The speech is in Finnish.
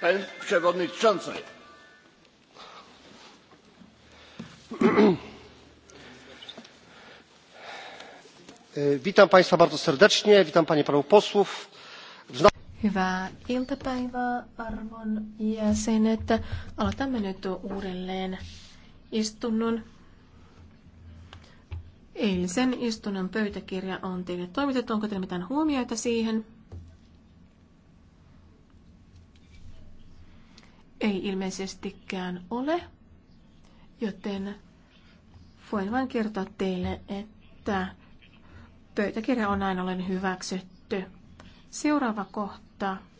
Herr przewodniczący! witam państwa bardzo serdecznie witam panie i panów posłów. Hyvää iltapäivää arvon jäsenet. Aloitamme nyt uudelleen istunnon. Eilisen istunnon pöytäkirja on teille toimitettu. Onko teillä mitään huomioita siihen? ei ilmeisestikään ole, joten voin vain kertoa teille, että pöytäkirja on näin ollen hyväksytty. Seuraava kohta